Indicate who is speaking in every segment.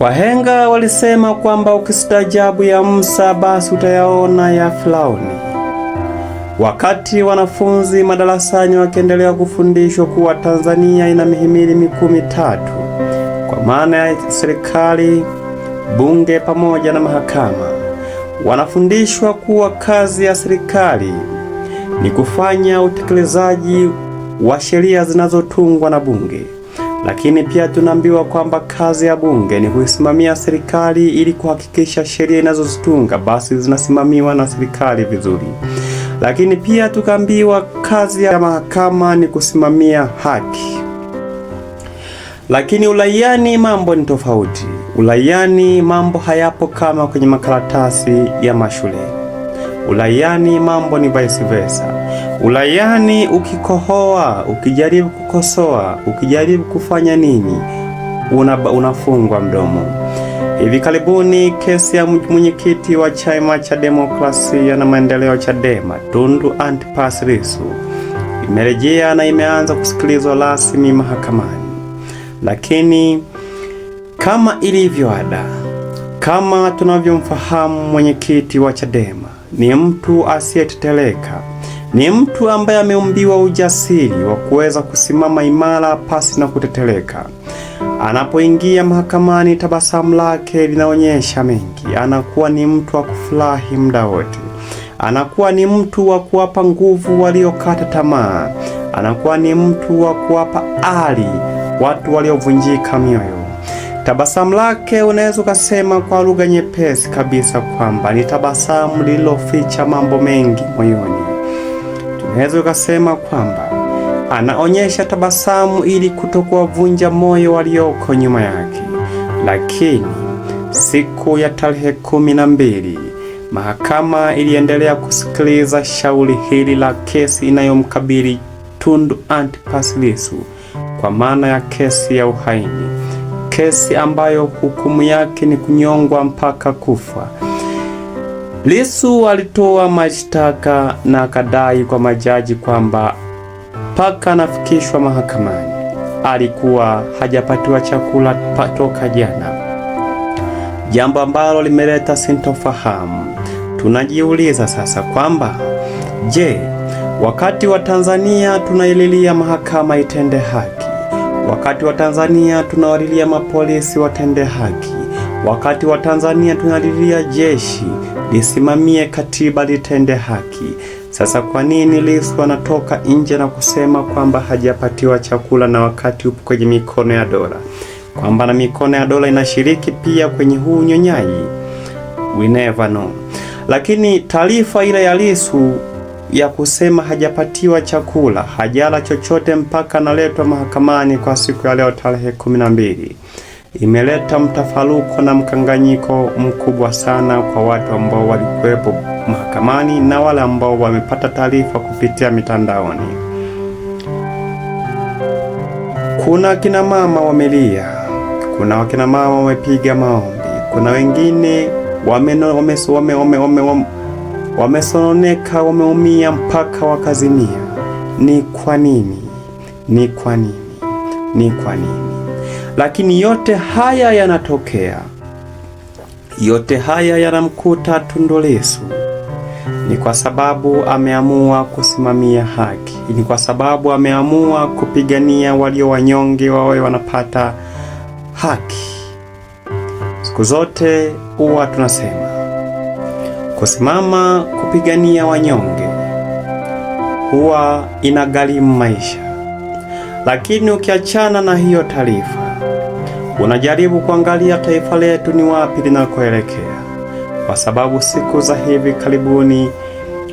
Speaker 1: Wahenga walisema kwamba ukistaajabu ya Musa basi utayaona ya Firauni. Wakati wanafunzi madarasani wakiendelea kufundishwa kuwa Tanzania ina mihimili mikuu mitatu, kwa maana ya serikali, bunge pamoja na mahakama, wanafundishwa kuwa kazi ya serikali ni kufanya utekelezaji wa sheria zinazotungwa na bunge. Lakini pia tunaambiwa kwamba kazi ya bunge ni kuisimamia serikali ili kuhakikisha sheria inazozitunga basi zinasimamiwa na serikali vizuri. Lakini pia tukaambiwa kazi ya mahakama ni kusimamia haki. Lakini ulaiani mambo ni tofauti. Ulaiani mambo hayapo kama kwenye makaratasi ya mashule. Ulaiani mambo ni vice versa. Ulayani ukikohoa, ukijaribu kukosoa, ukijaribu kufanya nini, una, unafungwa mdomo. Hivi karibuni kesi ya mwenyekiti wa chama cha demokrasia na maendeleo CHADEMA Tundu Antipas Lissu imerejea na imeanza kusikilizwa rasmi mahakamani, lakini kama ilivyo ada, kama tunavyomfahamu mwenyekiti wa CHADEMA ni mtu asiyeteteleka ni mtu ambaye ameumbiwa ujasiri wa kuweza kusimama imara pasi na kuteteleka. Anapoingia mahakamani, tabasamu lake linaonyesha mengi. Anakuwa ni mtu wa kufurahi muda wote. Anakuwa ni mtu wa kuwapa nguvu waliokata tamaa. Anakuwa ni mtu wa kuwapa ari watu waliovunjika mioyo. Tabasamu lake unaweza ukasema kwa lugha nyepesi kabisa kwamba ni tabasamu lililoficha mambo mengi moyoni unaweza ukasema kwamba anaonyesha tabasamu ili kutokuwavunja moyo walioko nyuma yake. Lakini siku ya tarehe kumi na mbili mahakama iliendelea kusikiliza shauri hili la kesi inayomkabili Tundu Antipas Lissu kwa maana ya kesi ya uhaini, kesi ambayo hukumu yake ni kunyongwa mpaka kufa. Lissu alitoa mashtaka na akadai kwa majaji kwamba mpaka anafikishwa mahakamani alikuwa hajapatiwa chakula toka jana, jambo ambalo limeleta sintofahamu. Tunajiuliza sasa kwamba je, wakati wa Tanzania tunaililia mahakama itende haki, wakati wa Tanzania tunawalilia mapolisi watende haki Wakati wa Tanzania tunalilia jeshi lisimamie katiba litende haki. Sasa kwa nini Lissu anatoka nje na kusema kwamba hajapatiwa chakula na wakati upo kwenye mikono ya dola, kwamba na mikono ya dola inashiriki pia kwenye huu unyonyaji? We never know. Lakini taarifa ile ya Lissu ya kusema hajapatiwa chakula, hajala chochote mpaka analetwa mahakamani kwa siku ya leo tarehe kumi na mbili imeleta mtafaruko na mkanganyiko mkubwa sana kwa watu ambao walikuwepo mahakamani na wale ambao wamepata taarifa kupitia mitandaoni. Kuna wakina mama wamelia, kuna wakina mama wamepiga maombi, kuna wengine wamesononeka, wame, wame, wame, wame, wameumia mpaka wakazimia. Ni kwa nini? Ni kwa nini? Ni kwa nini? Lakini yote haya yanatokea, yote haya yanamkuta Tundu Lissu ni kwa sababu ameamua kusimamia haki, ni kwa sababu ameamua kupigania walio wanyonge wawe wanapata haki. Siku zote huwa tunasema kusimama kupigania wanyonge huwa inagharimu maisha, lakini ukiachana na hiyo taarifa unajaribu kuangalia taifa letu ni wapi linakoelekea, kwa sababu siku za hivi karibuni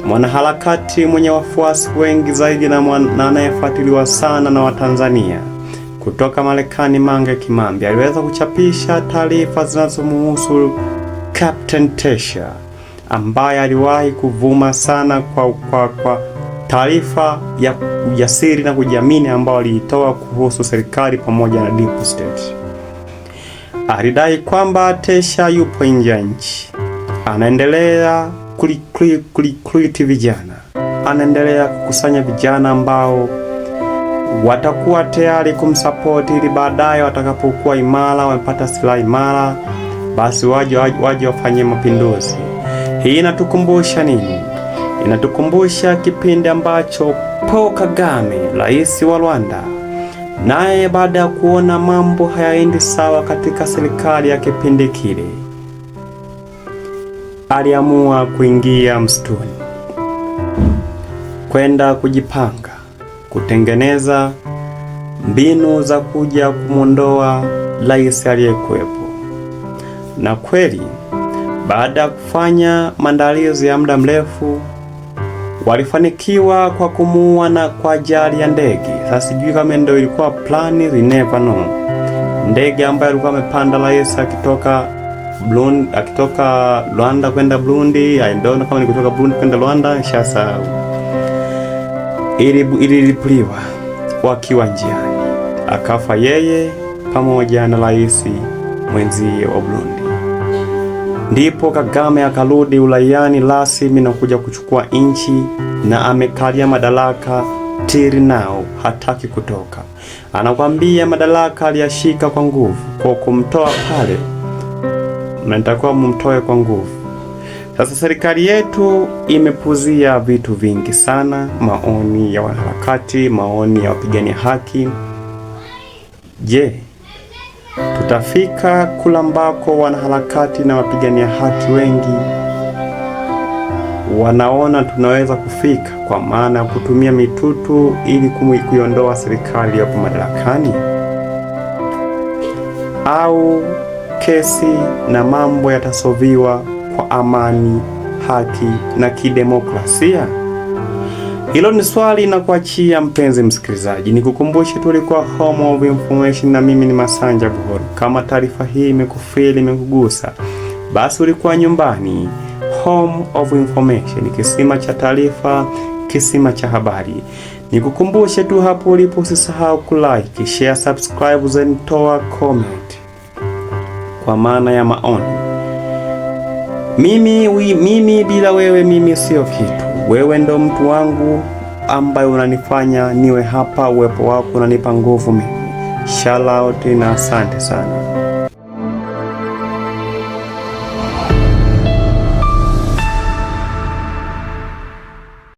Speaker 1: mwanaharakati mwenye wafuasi wengi zaidi na anayefuatiliwa sana na Watanzania kutoka Marekani, Mange Kimambi aliweza kuchapisha taarifa zinazomuhusu Captain Tesha ambaye aliwahi kuvuma sana kwa, kwa, kwa taarifa ya ujasiri na kujiamini ambayo aliitoa kuhusu serikali pamoja na deep state alidai kwamba Tesha yupo nje ya nchi, anaendelea kulikriti vijana, anaendelea kukusanya vijana ambao watakuwa tayari kumsapoti ili baadaye watakapokuwa imara, wamepata silaha imara, basi waje waje wafanye mapinduzi. Hii inatukumbusha nini? Inatukumbusha kipindi ambacho Paul Kagame, rais wa Rwanda Naye baada ya kuona mambo hayaendi sawa katika serikali ya kipindi kile, aliamua kuingia msituni kwenda kujipanga kutengeneza mbinu za kuja kumwondoa rais aliyekuwepo. Na kweli baada ya kufanya maandalizi ya muda mrefu walifanikiwa kwa kumuua na kwa ajali ya ndege. Sasa sijui kama ndio ilikuwa plani no ndege ambayo alikuwa amepanda rais akitoka Burundi, akitoka Rwanda kwenda Burundi. Ndio kama ni kutoka Burundi kwenda Rwanda, shasa ililipuliwa wakiwa njiani, akafa yeye pamoja na rais mwenzie wa Burundi. Ndipo Kagame akarudi ulaiani rasmi na kuja kuchukua nchi na amekalia madaraka tiri nao, hataki kutoka. Anakwambia madaraka aliyashika kwa nguvu, kwa kumtoa pale mnatakiwa mumtoe kwa nguvu. Sasa serikali yetu imepuzia vitu vingi sana, maoni ya wanaharakati, maoni ya wapigania haki. Je, tutafika kula ambako wanaharakati na wapigania haki wengi wanaona tunaweza kufika, kwa maana ya kutumia mitutu ili kuiondoa serikali yapo madarakani au kesi, na mambo yatasoviwa kwa amani, haki na kidemokrasia. Hilo ni swali na kuachia mpenzi msikilizaji, nikukumbushe tu ulikuwa Home of Information na mimi ni Masanja Buhoro. Kama taarifa hii imekufeli, imekugusa, basi ulikuwa nyumbani. Home of Information, kisima cha taarifa, kisima cha habari. Nikukumbushe tu hapo ulipo, usisahau kulike, share, subscribe, then toa comment kwa maana ya maoni. Mimi, mimi bila wewe mimi sio kitu. Wewe ndo mtu wangu ambaye unanifanya niwe hapa. Uwepo wako unanipa nguvu mimi. Shout out na asante sana.